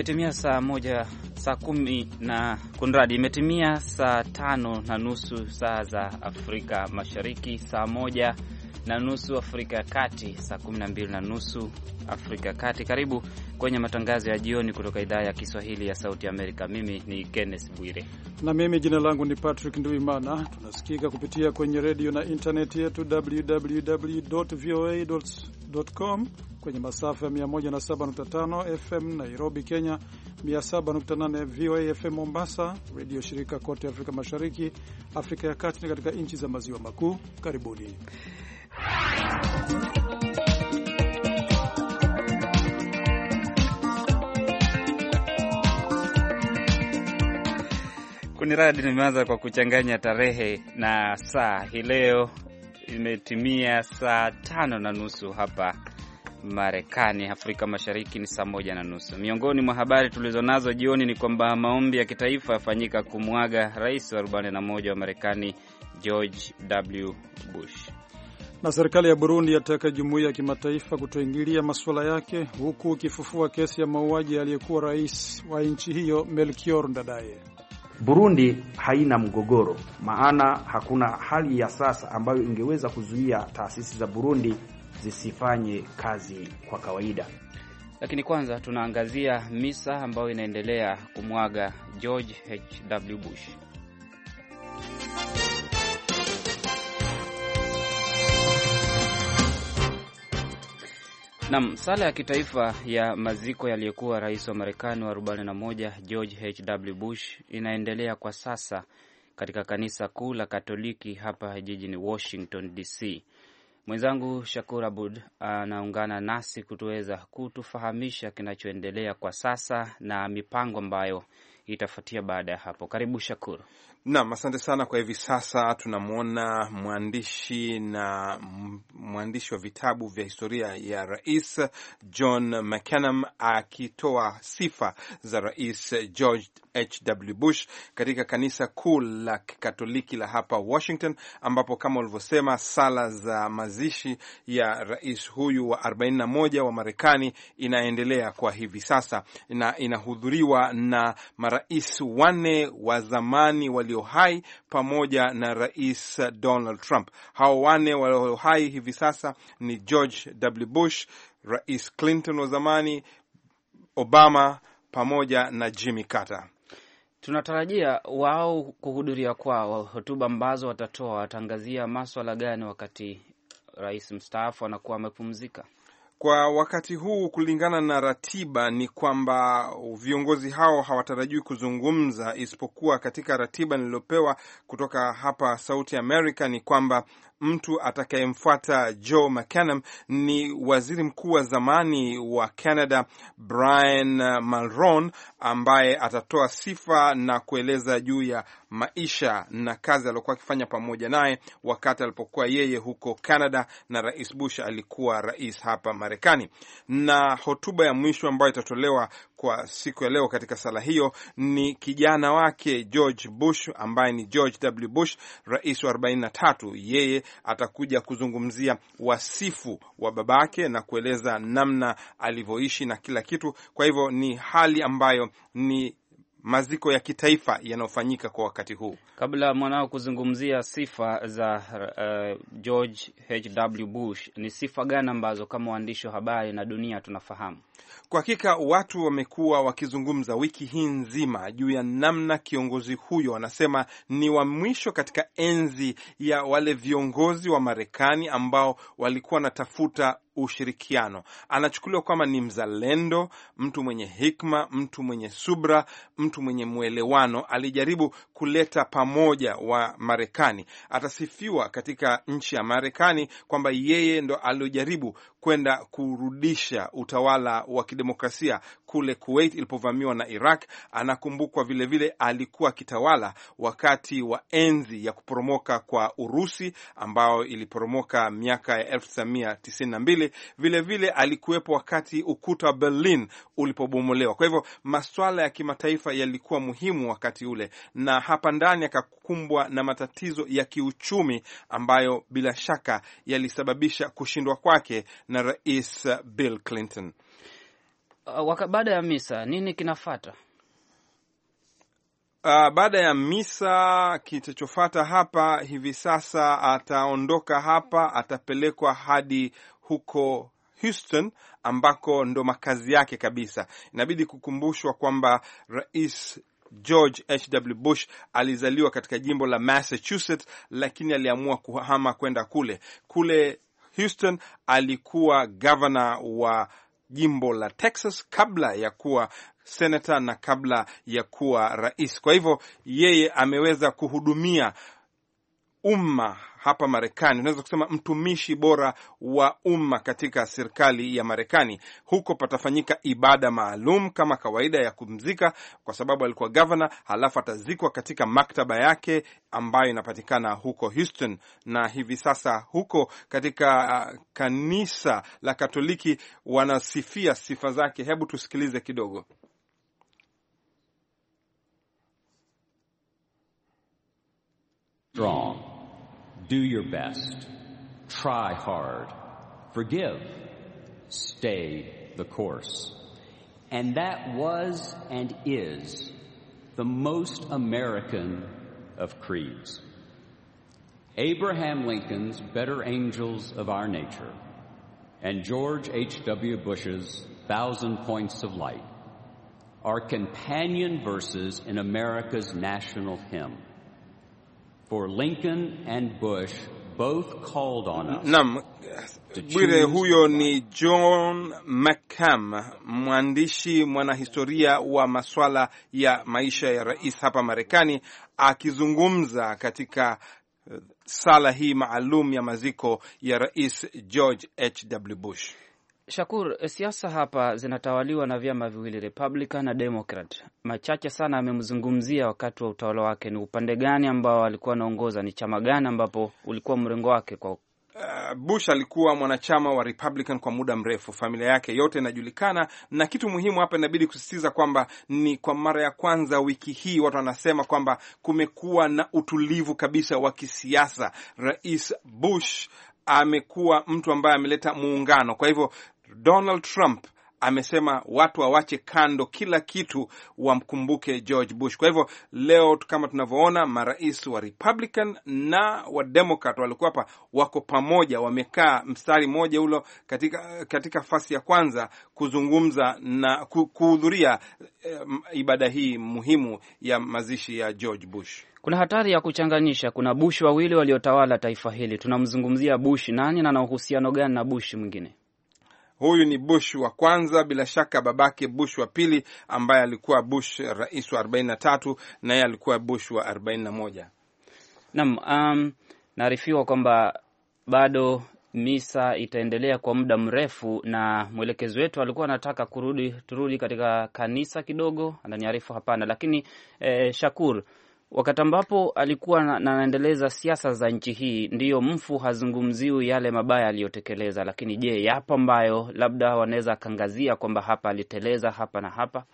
Imetimia saa moja, saa kumi na kunradi, imetimia saa tano na nusu saa za Afrika Mashariki, saa moja na nusu Afrika ya Kati, saa kumi na mbili na nusu Afrika ya Kati. Karibu kwenye matangazo ya jioni kutoka idhaa ya Kiswahili ya Sauti Amerika. Mimi ni Kenneth Bwire na mimi jina langu ni Patrick Nduimana. Tunasikika kupitia kwenye redio na intaneti yetu www voa com kwenye masafa ya 107.5 FM Nairobi, Kenya, 107.8 VOA FM Mombasa, redio shirika kote Afrika Mashariki, Afrika ya Kati na katika nchi za maziwa makuu. Karibuni Kuniradi, radi nimeanza kwa kuchanganya tarehe na saa. Hii leo imetimia saa tano na nusu hapa Marekani, Afrika Mashariki ni saa moja na nusu. Miongoni mwa habari tulizonazo jioni ni kwamba maombi ya kitaifa yafanyika kumwaga rais wa 41 wa Marekani George W. Bush, na serikali ya Burundi yataka jumuiya ya kimataifa kutoingilia masuala yake, huku ikifufua kesi ya mauaji aliyekuwa rais wa nchi hiyo Melchior Ndadaye. Burundi haina mgogoro, maana hakuna hali ya sasa ambayo ingeweza kuzuia taasisi za Burundi zisifanye kazi kwa kawaida. Lakini kwanza tunaangazia misa ambayo inaendelea kumwaga George H. W. Bush. Nam, sala ya kitaifa ya maziko yaliyekuwa rais wa Marekani wa 41 George H.W. Bush inaendelea kwa sasa katika kanisa kuu la Katoliki hapa jijini Washington DC. Mwenzangu Shakur Abud anaungana nasi kutuweza kutufahamisha kinachoendelea kwa sasa na mipango ambayo itafuatia baada ya hapo. Karibu Shakur. Nam, asante sana. Kwa hivi sasa tunamwona mwandishi na mwandishi wa vitabu vya historia ya rais John mcanam akitoa sifa za rais George HW Bush katika kanisa kuu la Kikatoliki la hapa Washington, ambapo kama ulivyosema, sala za mazishi ya rais huyu wa 41 wa Marekani inaendelea kwa hivi sasa na inahudhuriwa na marais wanne wa zamani wali walio hai pamoja na Rais Donald Trump. Hao wane walio hai hivi sasa ni George W. Bush, Rais Clinton wa zamani, Obama pamoja na Jimmy Carter. Tunatarajia wao kuhudhuria kwao hotuba ambazo watatoa, wataangazia maswala gani wakati rais mstaafu anakuwa amepumzika. Kwa wakati huu kulingana na ratiba ni kwamba viongozi hao hawatarajiwi kuzungumza, isipokuwa katika ratiba nililopewa kutoka hapa Sauti Amerika ni kwamba mtu atakayemfuata Joe McCann ni waziri mkuu wa zamani wa Canada Brian Mulroney ambaye atatoa sifa na kueleza juu ya maisha na kazi aliokuwa akifanya pamoja naye wakati alipokuwa yeye huko Canada na Rais Bush alikuwa rais hapa Marekani. Na hotuba ya mwisho ambayo itatolewa kwa siku ya leo katika sala hiyo ni kijana wake George Bush ambaye ni George W. Bush, rais wa 43, yeye atakuja kuzungumzia wasifu wa babake na kueleza namna alivyoishi na kila kitu. Kwa hivyo ni hali ambayo ni maziko ya kitaifa yanayofanyika kwa wakati huu. Kabla mwanao kuzungumzia sifa za uh, George H. W. Bush, ni sifa gani ambazo kama waandishi wa habari na dunia tunafahamu? Kwa hakika watu wamekuwa wakizungumza wiki hii nzima juu ya namna kiongozi huyo wanasema ni wa mwisho katika enzi ya wale viongozi wa Marekani ambao walikuwa wanatafuta ushirikiano. Anachukuliwa kwamba ni mzalendo, mtu mwenye hikma, mtu mwenye subra, mtu mwenye mwelewano. Alijaribu kuleta pamoja wa Marekani. Atasifiwa katika nchi ya Marekani kwamba yeye ndo aliojaribu kwenda kurudisha utawala wa kidemokrasia kule Kuwait ilipovamiwa na Iraq. Anakumbukwa vilevile, alikuwa akitawala wakati wa enzi ya kuporomoka kwa Urusi ambayo iliporomoka miaka ya 1992. Vilevile alikuwepo wakati ukuta wa Berlin ulipobomolewa. Kwa hivyo maswala ya kimataifa yalikuwa muhimu wakati ule, na hapa ndani akakumbwa na matatizo ya kiuchumi ambayo bila shaka yalisababisha kushindwa kwake na Rais Bill Clinton. Ah, baada ya misa nini kinafata? Uh, baada ya misa kitachofata hapa hivi sasa, ataondoka hapa, atapelekwa hadi huko Houston ambako ndo makazi yake kabisa. Inabidi kukumbushwa kwamba Rais George H.W. Bush alizaliwa katika jimbo la Massachusetts, lakini aliamua kuhama kwenda kule kule Houston. Alikuwa gavana wa jimbo la Texas kabla ya kuwa senata na kabla ya kuwa rais. Kwa hivyo yeye ameweza kuhudumia umma hapa Marekani, unaweza kusema mtumishi bora wa umma katika serikali ya Marekani. Huko patafanyika ibada maalum kama kawaida ya kumzika, kwa sababu alikuwa gavana, halafu atazikwa katika maktaba yake ambayo inapatikana huko Houston, na hivi sasa huko katika uh, kanisa la Katoliki wanasifia sifa zake. Hebu tusikilize kidogo. Strong. Do your best. Try hard. Forgive. Stay the course. And that was and is the most American of creeds. Abraham Lincoln's Better Angels of Our Nature and George H.W. Bush's Thousand Points of Light are companion verses in America's national hymn. For Lincoln and Bush both called on us. Naam, Bwire, huyo ni John McCam, mwandishi mwanahistoria wa maswala ya maisha ya rais hapa Marekani, akizungumza katika eh, sala hii maalum ya maziko ya Rais George hw Bush. Shakur, siasa hapa zinatawaliwa na vyama viwili, Republican na Democrat. Machache sana amemzungumzia wakati wa utawala wake, ni upande gani ambao alikuwa anaongoza, ni chama gani ambapo ulikuwa mrengo wake kwa uh, Bush alikuwa mwanachama wa Republican kwa muda mrefu, familia yake yote inajulikana. Na kitu muhimu hapa inabidi kusisitiza kwamba ni kwa mara ya kwanza wiki hii watu wanasema kwamba kumekuwa na utulivu kabisa wa kisiasa. Rais Bush amekuwa mtu ambaye ameleta muungano, kwa hivyo Donald Trump amesema watu wawache kando kila kitu, wamkumbuke George Bush. Kwa hivyo leo kama tunavyoona, marais wa Republican na wa Democrat walikuwa hapa, wako pamoja, wamekaa mstari mmoja hulo katika, katika fasi ya kwanza kuzungumza na kuhudhuria eh, ibada hii muhimu ya mazishi ya George Bush. Kuna hatari ya kuchanganyisha, kuna Bush wawili waliotawala taifa hili. Tunamzungumzia Bush nani na ana uhusiano gani na Bush mwingine? Huyu ni Bush wa kwanza, bila shaka babake Bush wa pili ambaye alikuwa Bush rais wa 43 naye alikuwa Bush wa 41. Naam, um, naarifiwa kwamba bado misa itaendelea kwa muda mrefu, na mwelekezi wetu alikuwa anataka kurudi turudi katika kanisa kidogo, ananiarifu hapana, lakini eh, Shakur wakati ambapo alikuwa anaendeleza siasa za nchi hii. Ndiyo, mfu hazungumziwi yale mabaya aliyotekeleza, lakini je, yapo ambayo labda wanaweza akangazia kwamba hapa aliteleza hapa na hapa?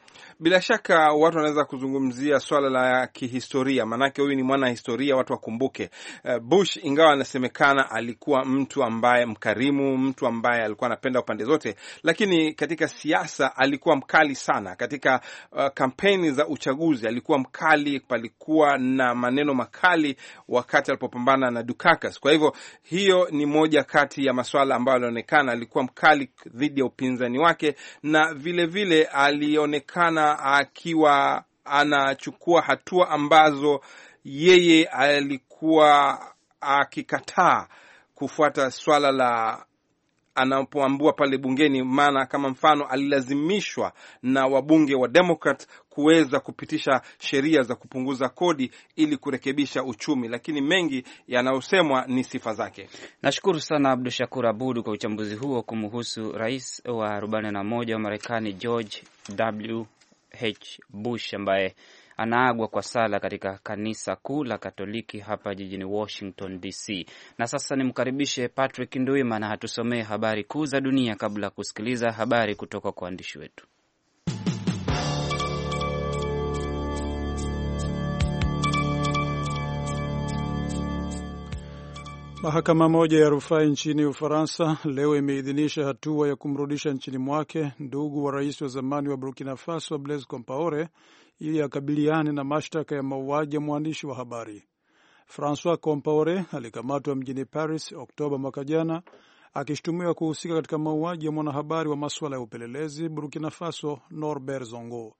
Bila shaka watu wanaweza kuzungumzia swala la kihistoria, maanake huyu ni mwana historia, watu wakumbuke. Eh, Bush ingawa anasemekana alikuwa mtu ambaye mkarimu, mtu ambaye alikuwa anapenda upande zote, lakini katika siasa alikuwa mkali sana. Katika eh, kampeni za uchaguzi alikuwa mkali, palikuwa alikuwa na maneno makali wakati alipopambana na Dukakis. Kwa hivyo hiyo ni moja kati ya masuala ambayo alionekana alikuwa mkali dhidi ya upinzani wake, na vilevile vile alionekana akiwa anachukua hatua ambazo yeye alikuwa akikataa kufuata swala la anapoambua pale bungeni, maana kama mfano alilazimishwa na wabunge wa Democrat kuweza kupitisha sheria za kupunguza kodi ili kurekebisha uchumi, lakini mengi yanayosemwa ni sifa zake. Nashukuru sana Abdu Shakur Abud kwa uchambuzi huo kumhusu rais wa 41 wa Marekani George W H Bush ambaye anaagwa kwa sala katika kanisa kuu la Katoliki hapa jijini Washington DC. Na sasa nimkaribishe Patrick nduimana na hatusomee habari kuu za dunia kabla ya kusikiliza habari kutoka kwa waandishi wetu. Mahakama moja ya rufaa nchini Ufaransa leo imeidhinisha hatua ya kumrudisha nchini mwake ndugu wa rais wa zamani wa Burkina Faso Blaise Compaore ili akabiliane na mashtaka ya mauaji ya mwandishi wa habari. Francois Compaore alikamatwa mjini Paris Oktoba mwaka jana akishutumiwa kuhusika katika mauaji ya mwanahabari wa masuala ya upelelezi Burkina Faso Norbert Zongo.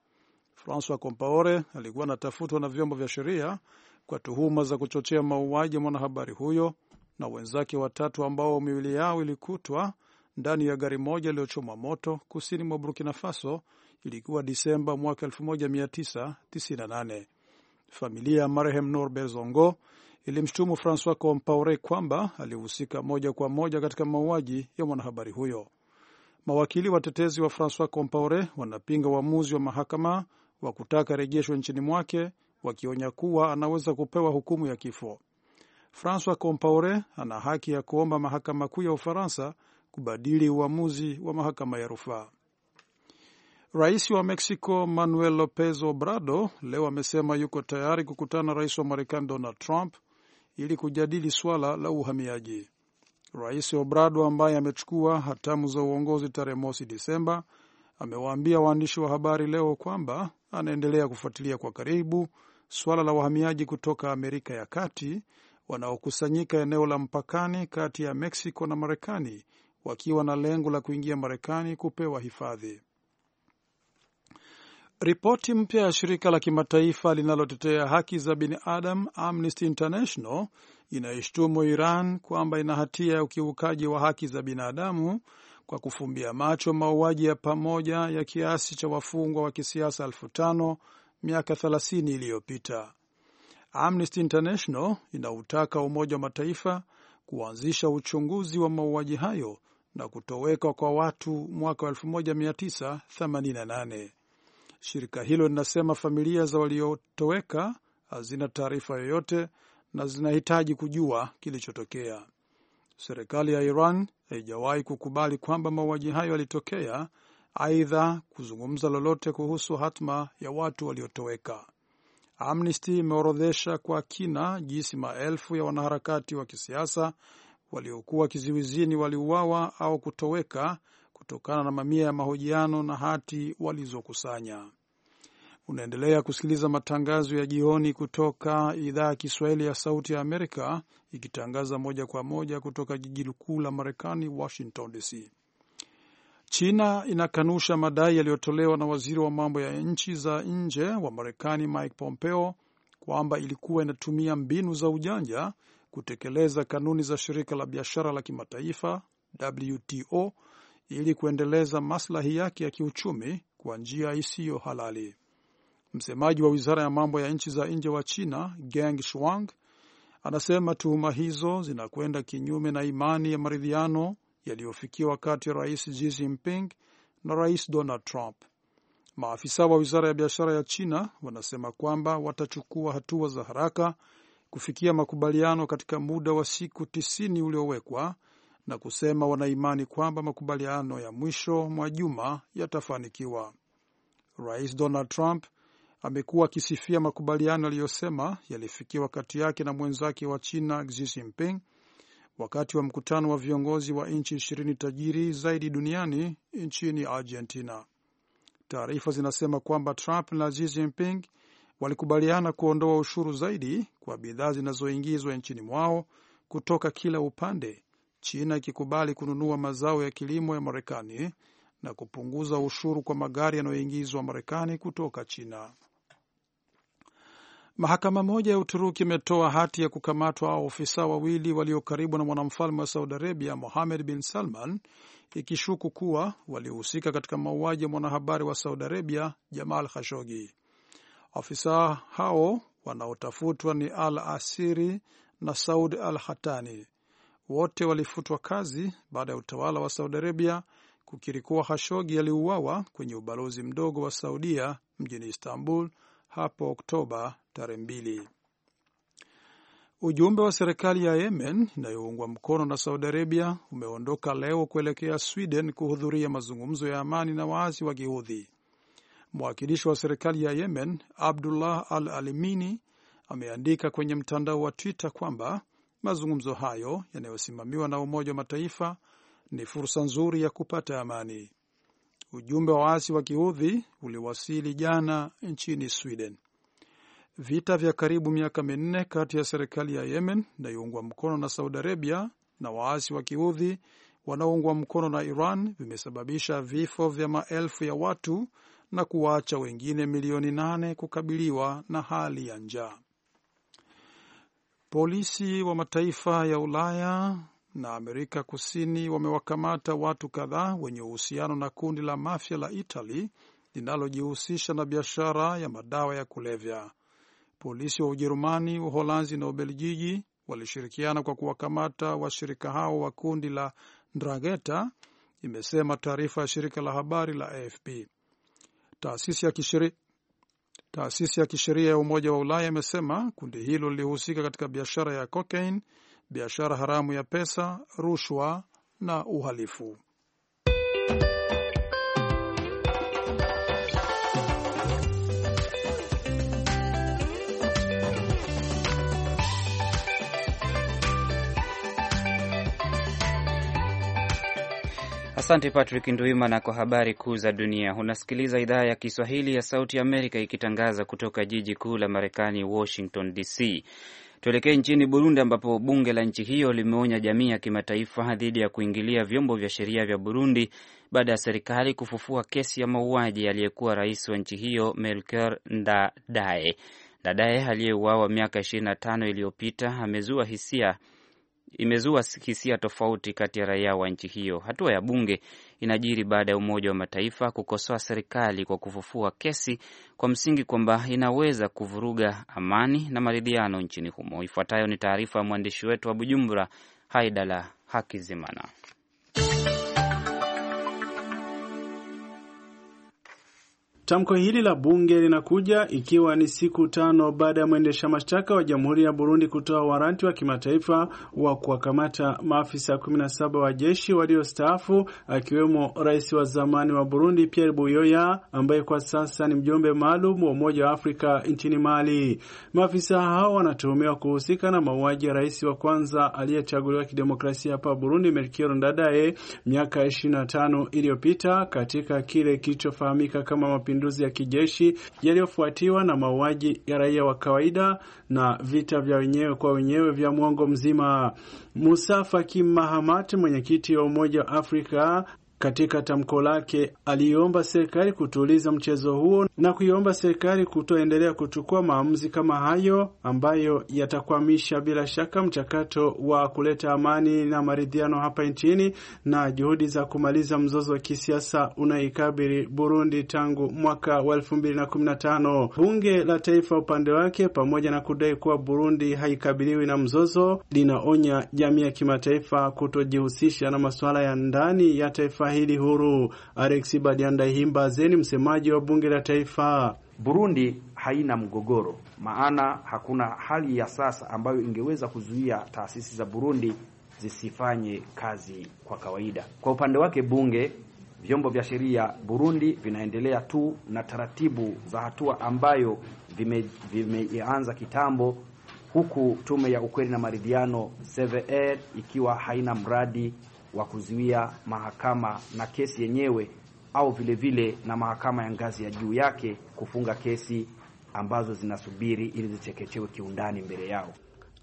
Francois Compaore alikuwa anatafutwa na vyombo vya sheria kwa tuhuma za kuchochea mauaji ya mwanahabari huyo na wenzake watatu ambao miili yao ilikutwa ndani ya gari moja iliyochomwa moto kusini mwa Burkina Faso ilikuwa Disemba mwaka 1998. Familia ya marehemu Norbert Zongo ilimshutumu Francois Compaore kwamba alihusika moja kwa moja katika mauaji ya mwanahabari huyo. Mawakili watetezi wa Francois Compaore wanapinga uamuzi wa mahakama wa kutaka rejeshwe nchini mwake, wakionya kuwa anaweza kupewa hukumu ya kifo. Francois Compaore ana haki ya kuomba mahakama kuu ya Ufaransa kubadili uamuzi wa mahakama ya rufaa. Rais wa Mexico Manuel Lopez obrado leo amesema yuko tayari kukutana rais wa Marekani Donald Trump ili kujadili swala la uhamiaji. Rais obrado ambaye amechukua hatamu za uongozi tarehe mosi disemba amewaambia waandishi wa habari leo kwamba anaendelea kufuatilia kwa karibu swala la wahamiaji kutoka Amerika ya Kati wanaokusanyika eneo la mpakani kati ya Mexico na Marekani wakiwa na lengo la kuingia Marekani kupewa hifadhi. Ripoti mpya ya shirika la kimataifa linalotetea haki za binadamu Amnesty International inaishtumu Iran kwamba ina hatia ya ukiukaji wa haki za binadamu kwa kufumbia macho mauaji ya pamoja ya kiasi cha wafungwa wa kisiasa elfu tano miaka 30 iliyopita. Amnesty International inautaka Umoja wa Mataifa kuanzisha uchunguzi wa mauaji hayo na kutoweka kwa watu mwaka 1988. Shirika hilo linasema familia za waliotoweka hazina ah, taarifa yoyote na zinahitaji kujua kilichotokea. Serikali ya Iran haijawahi kukubali kwamba mauaji hayo yalitokea, aidha kuzungumza lolote kuhusu hatma ya watu waliotoweka. Amnesty imeorodhesha kwa kina jinsi maelfu ya wanaharakati wa kisiasa waliokuwa kizuizini waliuawa au kutoweka kutokana na mamia ya mahojiano na hati walizokusanya. Unaendelea kusikiliza matangazo ya jioni kutoka idhaa ya Kiswahili ya Sauti ya Amerika, ikitangaza moja kwa moja kutoka jiji kuu la Marekani, Washington DC. China inakanusha madai yaliyotolewa na waziri wa mambo ya nchi za nje wa Marekani Mike Pompeo kwamba ilikuwa inatumia mbinu za ujanja kutekeleza kanuni za shirika la biashara la kimataifa WTO ili kuendeleza maslahi yake ya kiuchumi kwa njia isiyo halali. Msemaji wa wizara ya mambo ya nchi za nje wa China Geng Shuang anasema tuhuma hizo zinakwenda kinyume na imani ya maridhiano yaliyofikiwa kati ya rais Xi Jinping na rais Donald Trump. Maafisa wa wizara ya biashara ya China wanasema kwamba watachukua hatua za haraka kufikia makubaliano katika muda wa siku tisini uliowekwa na kusema wanaimani kwamba makubaliano ya mwisho mwa juma yatafanikiwa. Rais Donald Trump amekuwa akisifia makubaliano aliyosema yalifikiwa kati yake na mwenzake wa China Xi Jinping wakati wa mkutano wa viongozi wa nchi ishirini tajiri zaidi duniani nchini Argentina. Taarifa zinasema kwamba Trump na Xi Jinping walikubaliana kuondoa ushuru zaidi kwa bidhaa zinazoingizwa nchini mwao kutoka kila upande China ikikubali kununua mazao ya kilimo ya Marekani na kupunguza ushuru kwa magari yanayoingizwa Marekani kutoka China. Mahakama moja ya Uturuki imetoa hati ya kukamatwa ofisa wawili walio karibu na mwanamfalme wa Saudi Arabia Mohamed bin Salman, ikishuku kuwa waliohusika katika mauaji ya mwanahabari wa Saudi Arabia Jamal Khashoggi. Afisa hao wanaotafutwa ni Al Asiri na Saud Al Hatani wote walifutwa kazi baada ya utawala wa Saudi Arabia kukiri kuwa hashogi aliuawa kwenye ubalozi mdogo wa Saudia mjini Istanbul hapo Oktoba tarehe mbili. Ujumbe wa serikali ya Yemen inayoungwa mkono na Saudi Arabia umeondoka leo kuelekea Sweden kuhudhuria mazungumzo ya amani na waasi wa Kihudhi. Mwakilishi wa serikali ya Yemen Abdullah Al Alimini ameandika kwenye mtandao wa Twitter kwamba Mazungumzo hayo yanayosimamiwa na Umoja wa Mataifa ni fursa nzuri ya kupata amani. Ujumbe wa waasi wa kiudhi uliwasili jana nchini Sweden. Vita vya karibu miaka minne kati ya serikali ya Yemen inayoungwa mkono na Saudi Arabia na waasi wa kiudhi wanaoungwa mkono na Iran vimesababisha vifo vya maelfu ya watu na kuwaacha wengine milioni nane kukabiliwa na hali ya njaa. Polisi wa mataifa ya Ulaya na Amerika Kusini wamewakamata watu kadhaa wenye uhusiano na kundi la mafia la itali linalojihusisha na biashara ya madawa ya kulevya. Polisi wa Ujerumani, Uholanzi na Ubelgiji walishirikiana kwa kuwakamata washirika hao wa kundi la Ndrangheta, imesema taarifa ya shirika la habari la AFP. Taasisi ya, Taasisi ya kisheria ya Umoja wa Ulaya imesema kundi hilo lilihusika katika biashara ya cocaine, biashara haramu ya pesa, rushwa na uhalifu. Asante Patrick na kwa habari kuu za dunia. Unasikiliza idhaa ya Kiswahili ya Sauti Amerika ikitangaza kutoka jiji kuu la Marekani, Washington DC. Tuelekee nchini Burundi ambapo bunge la nchi hiyo limeonya jamii ya kimataifa dhidi ya kuingilia vyombo vya sheria vya Burundi baada ya serikali kufufua kesi ya mauaji aliyekuwa rais wa nchi hiyo Melchior Ndadaye. Ndadaye aliyeuawa miaka 25 iliyopita amezua hisia imezua hisia tofauti kati ya raia wa nchi hiyo. Hatua ya bunge inajiri baada ya Umoja wa Mataifa kukosoa serikali kwa kufufua kesi kwa msingi kwamba inaweza kuvuruga amani na maridhiano nchini humo. Ifuatayo ni taarifa ya mwandishi wetu wa Bujumbura, Haidala Hakizimana. Tamko hili la bunge linakuja ikiwa ni siku tano baada ya mwendesha mashtaka wa Jamhuri ya Burundi kutoa waranti wa kimataifa wa kuwakamata maafisa 17 wa jeshi waliostaafu akiwemo rais wa zamani wa Burundi Pierre Buyoya ambaye kwa sasa ni mjumbe maalum wa Umoja wa Afrika nchini Mali. Maafisa hao wanatuhumiwa kuhusika na mauaji ya rais wa kwanza aliyechaguliwa kidemokrasia hapa Burundi Melchior Ndadaye miaka 25 iliyopita katika kile kilichofahamika kama mapinduzi ya kijeshi yaliyofuatiwa na mauaji ya raia wa kawaida na vita vya wenyewe kwa wenyewe vya mwongo mzima. Musa Faki Mahamat, mwenyekiti wa Umoja wa Afrika katika tamko lake, aliomba serikali kutuliza mchezo huo na kuiomba serikali kutoendelea kuchukua maamuzi kama hayo ambayo yatakwamisha bila shaka mchakato wa kuleta amani na maridhiano hapa nchini na juhudi za kumaliza mzozo wa kisiasa unaikabili Burundi tangu mwaka wa Bunge la Taifa upande wake, pamoja na kudai kuwa Burundi haikabiliwi na mzozo, linaonya jamii ya kimataifa kutojihusisha na masuala ya ndani ya taifa hili huru. Alex Badiandahimba Zeni, msemaji wa bunge la taifa. Burundi haina mgogoro, maana hakuna hali ya sasa ambayo ingeweza kuzuia taasisi za Burundi zisifanye kazi kwa kawaida. Kwa upande wake bunge, vyombo vya sheria Burundi vinaendelea tu na taratibu za hatua ambayo vimeanza vime kitambo, huku tume ya ukweli na maridhiano CVR ikiwa haina mradi wa kuzuia mahakama na kesi yenyewe au vilevile vile na mahakama ya ngazi ya juu yake kufunga kesi ambazo zinasubiri ili zichekechewe kiundani mbele yao.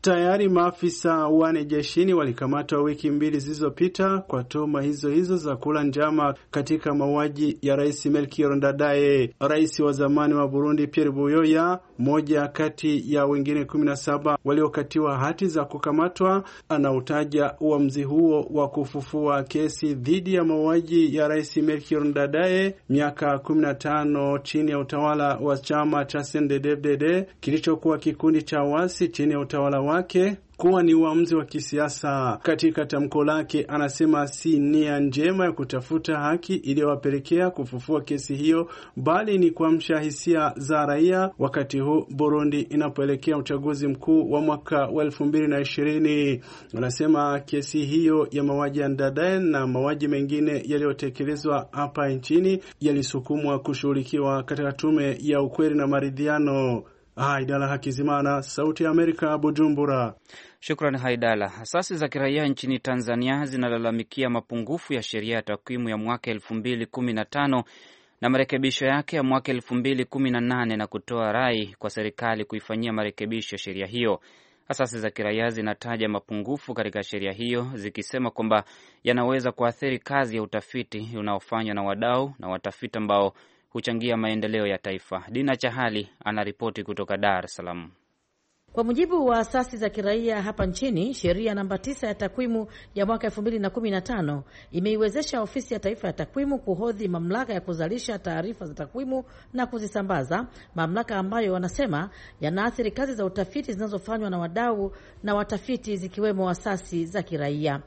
Tayari maafisa wane jeshini walikamatwa wiki mbili zilizopita kwa tuhuma hizo hizo za kula njama katika mauaji ya Rais Melchior Ndadaye. Rais wa zamani wa Burundi Pierre Buyoya mmoja kati ya wengine 17 waliokatiwa hati za kukamatwa anautaja uamuzi huo wa kufufua kesi dhidi ya mauaji ya Rais Melchior Ndadaye miaka 15 chini ya utawala wa chama cha CNDD-FDD kilichokuwa kikundi cha wasi chini ya utawala wake kuwa ni uamuzi wa kisiasa. Katika tamko lake, anasema si nia njema ya kutafuta haki iliyowapelekea kufufua kesi hiyo, bali ni kuamsha hisia za raia wakati huu Burundi inapoelekea uchaguzi mkuu wa mwaka wa elfu mbili na ishirini. Anasema kesi hiyo ya mauaji ya Ndadaye na mauaji mengine yaliyotekelezwa hapa nchini yalisukumwa kushughulikiwa katika tume ya ukweli na maridhiano. Haidala Hakizimana, Sauti ya Amerika, Bujumbura. Shukrani Haidala. Asasi za kiraia nchini Tanzania zinalalamikia mapungufu ya sheria ya takwimu ya mwaka elfu mbili kumi na tano na marekebisho yake ya mwaka elfu mbili kumi na nane na kutoa rai kwa serikali kuifanyia marekebisho ya sheria hiyo. Asasi za kiraia zinataja mapungufu katika sheria hiyo zikisema kwamba yanaweza kuathiri kazi ya utafiti unaofanywa na wadau na watafiti ambao huchangia maendeleo ya taifa. Dina Chahali anaripoti kutoka Dar es Salaam. Kwa mujibu wa asasi za kiraia hapa nchini, sheria namba 9 ya takwimu ya mwaka 2015 imeiwezesha Ofisi ya Taifa ya Takwimu kuhodhi mamlaka ya kuzalisha taarifa za takwimu na kuzisambaza, mamlaka ambayo wanasema yanaathiri kazi za utafiti zinazofanywa na wadau na watafiti, zikiwemo asasi za kiraia.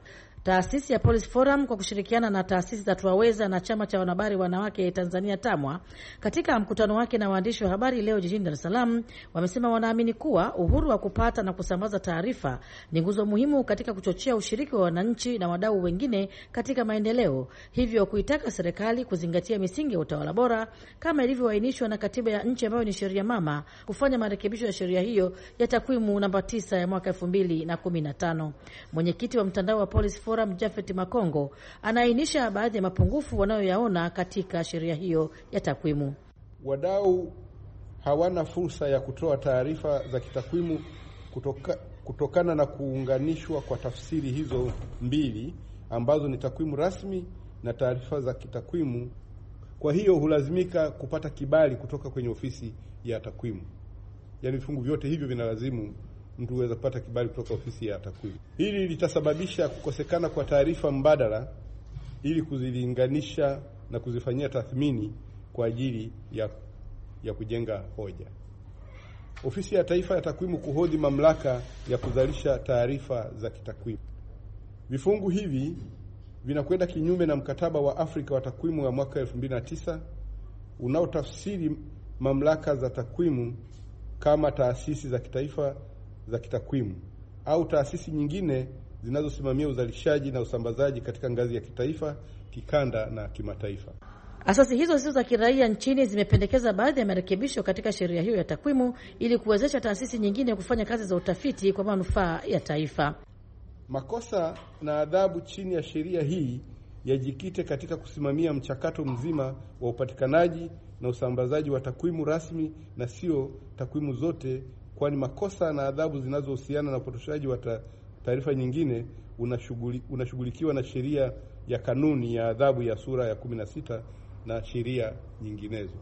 Taasisi ya Police Forum kwa kushirikiana na taasisi za Twaweza na chama cha wanahabari wanawake Tanzania TAMWA katika mkutano wake na waandishi wa habari leo jijini Dar es Salaam wamesema wanaamini kuwa uhuru wa kupata na kusambaza taarifa ni nguzo muhimu katika kuchochea ushiriki wa wananchi na wadau wengine katika maendeleo, hivyo kuitaka serikali kuzingatia misingi ya utawala bora kama ilivyoainishwa na katiba ya nchi ambayo ni sheria mama, kufanya marekebisho ya sheria hiyo ya takwimu namba 9 ya mwaka 2015. Mwenyekiti wa mtandao wa Police Forum Forum Jafet Makongo anaainisha baadhi ya mapungufu wanayoyaona katika sheria hiyo ya takwimu. Wadau hawana fursa ya kutoa taarifa za kitakwimu kutoka, kutokana na kuunganishwa kwa tafsiri hizo mbili ambazo ni takwimu rasmi na taarifa za kitakwimu. Kwa hiyo hulazimika kupata kibali kutoka kwenye ofisi ya takwimu, yaani vifungu vyote hivyo vinalazimu mtu huweza kupata kibali kutoka ofisi ya takwimu. Hili litasababisha kukosekana kwa taarifa mbadala ili kuzilinganisha na kuzifanyia tathmini kwa ajili ya, ya kujenga hoja. Ofisi ya Taifa ya Takwimu kuhodhi mamlaka ya kuzalisha taarifa za kitakwimu. Vifungu hivi vinakwenda kinyume na mkataba wa Afrika wa takwimu wa mwaka 2009 unaotafsiri mamlaka za takwimu kama taasisi za kitaifa za kitakwimu au taasisi nyingine zinazosimamia uzalishaji na usambazaji katika ngazi ya kitaifa, kikanda na kimataifa. Asasi hizo zisizo za kiraia nchini zimependekeza baadhi ya marekebisho katika sheria hiyo ya takwimu ili kuwezesha taasisi nyingine kufanya kazi za utafiti kwa manufaa ya taifa. Makosa na adhabu chini ya sheria hii yajikite katika kusimamia mchakato mzima wa upatikanaji na usambazaji wa takwimu rasmi na sio takwimu zote kwani makosa na adhabu zinazohusiana na upotoshaji wa taarifa nyingine unashughulikiwa na sheria ya kanuni ya adhabu ya sura ya 16 na sheria nyinginezo.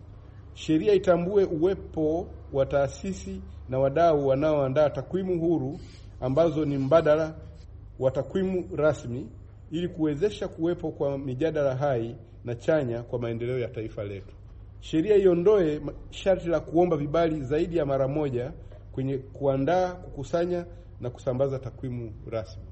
Sheria itambue uwepo wa taasisi na wadau wanaoandaa takwimu huru ambazo ni mbadala wa takwimu rasmi ili kuwezesha kuwepo kwa mijadala hai na chanya kwa maendeleo ya taifa letu. Sheria iondoe sharti la kuomba vibali zaidi ya mara moja kwenye kuandaa, kukusanya na kusambaza takwimu rasmi.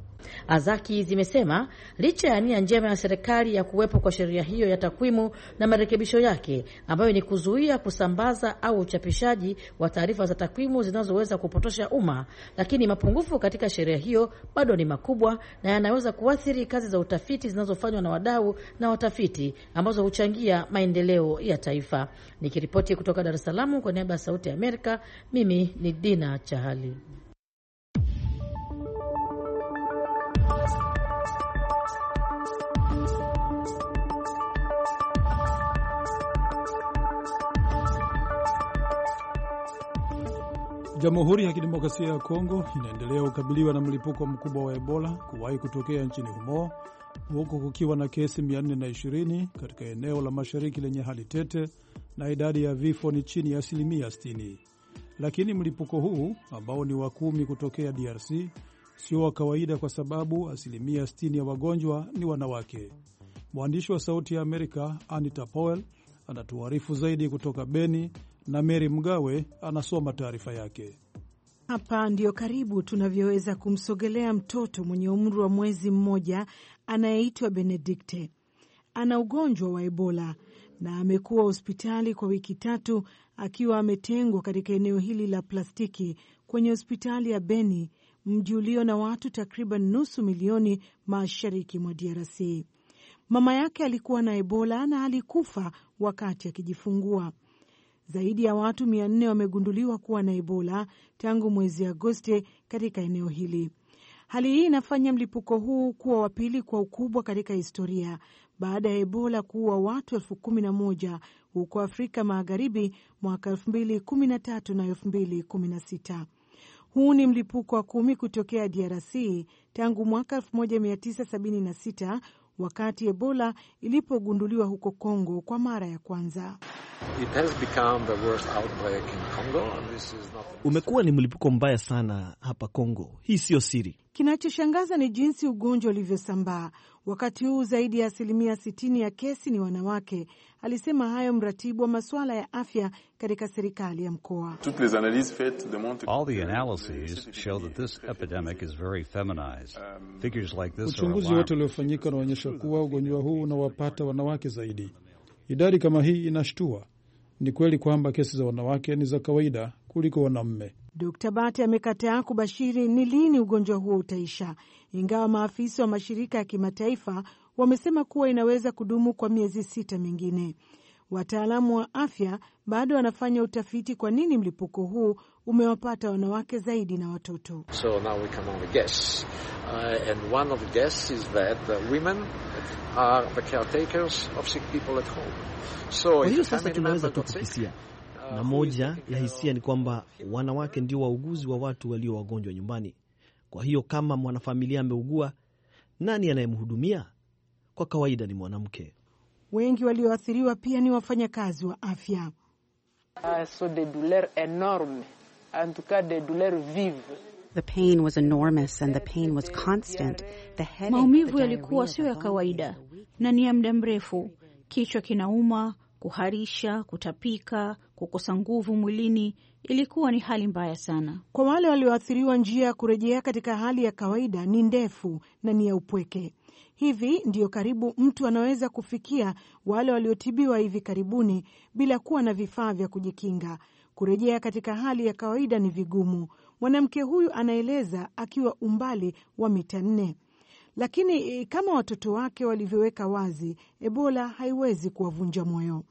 Azaki zimesema licha ya nia njema ya serikali ya kuwepo kwa sheria hiyo ya takwimu na marekebisho yake ambayo ni kuzuia kusambaza au uchapishaji wa taarifa za takwimu zinazoweza kupotosha umma, lakini mapungufu katika sheria hiyo bado ni makubwa na yanaweza kuathiri kazi za utafiti zinazofanywa na wadau na watafiti ambazo huchangia maendeleo ya taifa. Nikiripoti kutoka Dar es Salaam kwa niaba ya Sauti ya Amerika, mimi ni Dina Chahali. Jamhuri ya Kidemokrasia ya Kongo inaendelea kukabiliwa na mlipuko mkubwa wa Ebola kuwahi kutokea nchini humo huku kukiwa na kesi 420 katika eneo la mashariki lenye hali tete na idadi ya vifo ni chini ya asilimia 60. Lakini mlipuko huu ambao ni wa kumi kutokea DRC sio wa kawaida kwa sababu asilimia 60 ya wagonjwa ni wanawake. Mwandishi wa Sauti ya Amerika Anita Powell anatuarifu zaidi kutoka Beni na Meri Mgawe anasoma taarifa yake. Hapa ndiyo karibu tunavyoweza kumsogelea mtoto mwenye umri wa mwezi mmoja anayeitwa Benedikte. Ana ugonjwa wa Ebola na amekuwa hospitali kwa wiki tatu akiwa ametengwa katika eneo hili la plastiki kwenye hospitali ya Beni, mji ulio na watu takriban nusu milioni mashariki mwa DRC. Mama yake alikuwa na Ebola na alikufa wakati akijifungua. Zaidi ya watu mia nne wamegunduliwa kuwa na Ebola tangu mwezi Agosti katika eneo hili. Hali hii inafanya mlipuko huu kuwa wa pili kwa ukubwa katika historia baada ya Ebola kuua watu elfu kumi na moja huko Afrika Magharibi mwaka elfu mbili kumi na tatu na elfu mbili kumi na sita. Huu ni mlipuko wa kumi kutokea DRC tangu mwaka 1976 wakati Ebola ilipogunduliwa huko congo kwa mara ya kwanza. Umekuwa ni mlipuko mbaya sana hapa Kongo, hii siyo siri. Kinachoshangaza ni jinsi ugonjwa ulivyosambaa wakati huu. Zaidi ya asilimia 60 ya kesi ni wanawake. Alisema hayo mratibu wa masuala ya afya katika serikali ya mkoa. Uchunguzi wote uliofanyika unaonyesha kuwa ugonjwa huu unawapata wanawake zaidi. Idadi kama hii inashtua, ni kweli kwamba kesi za wanawake ni za kawaida kuliko wanaume. Dkt Bate amekataa kubashiri ni lini ugonjwa huo utaisha, ingawa maafisa wa mashirika ya kimataifa wamesema kuwa inaweza kudumu kwa miezi sita mingine. Wataalamu wa afya bado wanafanya utafiti kwa nini mlipuko huu umewapata wanawake zaidi na watoto. So now we can only guess. Uh, and one of the guess is that women are the caretakers of sick people at home. So kwa hiyo sasa tunaweza tu uh, na moja ya hisia ni kwamba wanawake ndio wauguzi wa watu walio wagonjwa nyumbani. Kwa hiyo kama mwanafamilia ameugua, nani anayemhudumia? Kwa kawaida ni mwanamke. Wengi walioathiriwa pia ni wafanyakazi wa afya. Uh, so de douleur enorme en tout cas de douleur vive Maumivu yalikuwa sio ya kawaida na ni ya muda mrefu. Kichwa kinauma, kuharisha, kutapika, kukosa nguvu mwilini. Ilikuwa ni hali mbaya sana. Kwa wale walioathiriwa, njia ya kurejea katika hali ya kawaida ni ndefu na ni ya upweke. Hivi ndiyo karibu mtu anaweza kufikia wale waliotibiwa hivi karibuni bila kuwa na vifaa vya kujikinga. Kurejea katika hali ya kawaida ni vigumu, mwanamke huyu anaeleza, akiwa umbali wa mita nne. Lakini e, kama watoto wake walivyoweka wazi, Ebola haiwezi kuwavunja moyo.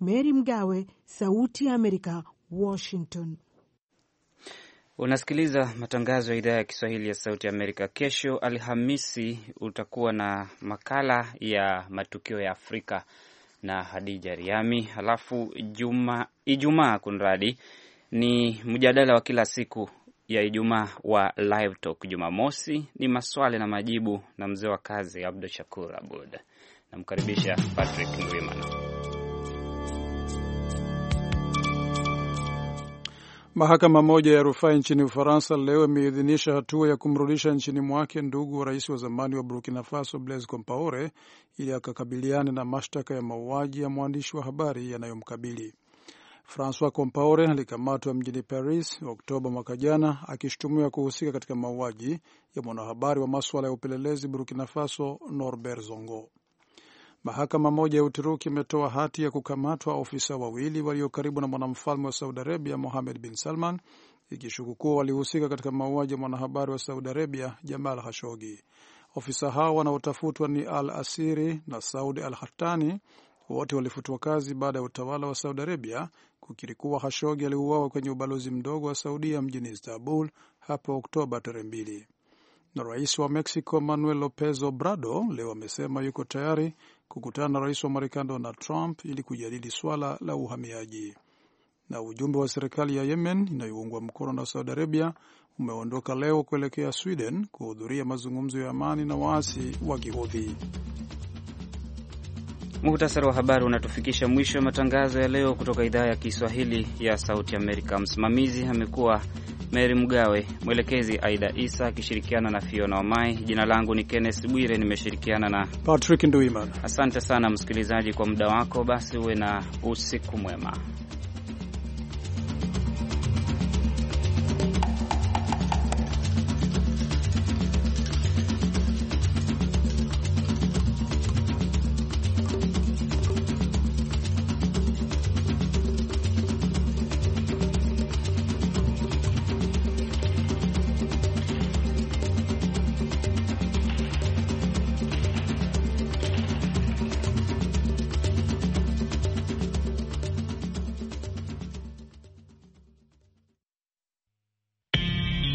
Mary Mgawe, Sauti ya Amerika, Washington. Unasikiliza matangazo ya idhaa ya Kiswahili ya Sauti Amerika. Kesho Alhamisi utakuwa na makala ya matukio ya Afrika na Hadija Riami, halafu Ijumaa kunradi ni mjadala wa kila siku ya Ijumaa wa Live Talk. Jumamosi ni maswali na majibu na mzee wa kazi Abdu Shakur Abud. Namkaribisha Patrick Ngwimana. Mahakama moja ya rufaa nchini Ufaransa leo imeidhinisha hatua ya kumrudisha nchini mwake ndugu wa rais wa zamani wa Burkina Faso Blaise Compaore ili akakabiliane na mashtaka ya mauaji ya mwandishi wa habari yanayomkabili. Francois Compaore alikamatwa mjini Paris Oktoba mwaka jana akishutumiwa kuhusika katika mauaji ya mwanahabari wa maswala ya upelelezi Burkina Faso Norbert Zongo. Mahakama moja ya Uturuki imetoa hati ya kukamatwa ofisa wawili walio karibu na mwanamfalme wa Saudi Arabia Mohamed bin Salman, ikishuku kuwa walihusika katika mauaji ya mwanahabari wa Saudi Arabia Jamal Khashoggi. Ofisa hao wanaotafutwa ni Al Asiri na saudi Al hatani Wote walifutwa kazi baada ya utawala wa Saudi Arabia kukiri kuwa Khashoggi aliuawa kwenye ubalozi mdogo wa Saudia mjini Istanbul hapo Oktoba tarehe mbili. Na rais wa Mexico Manuel Lopez Obrador leo amesema yuko tayari kukutana na rais wa Marekani Donald Trump ili kujadili swala la uhamiaji. Na ujumbe wa serikali ya Yemen inayoungwa mkono na Saudi Arabia umeondoka leo kuelekea Sweden kuhudhuria mazungumzo ya amani na waasi wa Kihodhi. Muhtasari wa habari unatufikisha mwisho wa matangazo ya leo kutoka idhaa ya Kiswahili ya Sauti Amerika. Msimamizi amekuwa Meri Mgawe, mwelekezi Aida Isa akishirikiana na Fiona Omai. Jina langu ni Kenneth Bwire, nimeshirikiana na Patrick Nduiman. Asante sana msikilizaji kwa muda wako. Basi uwe na usiku mwema.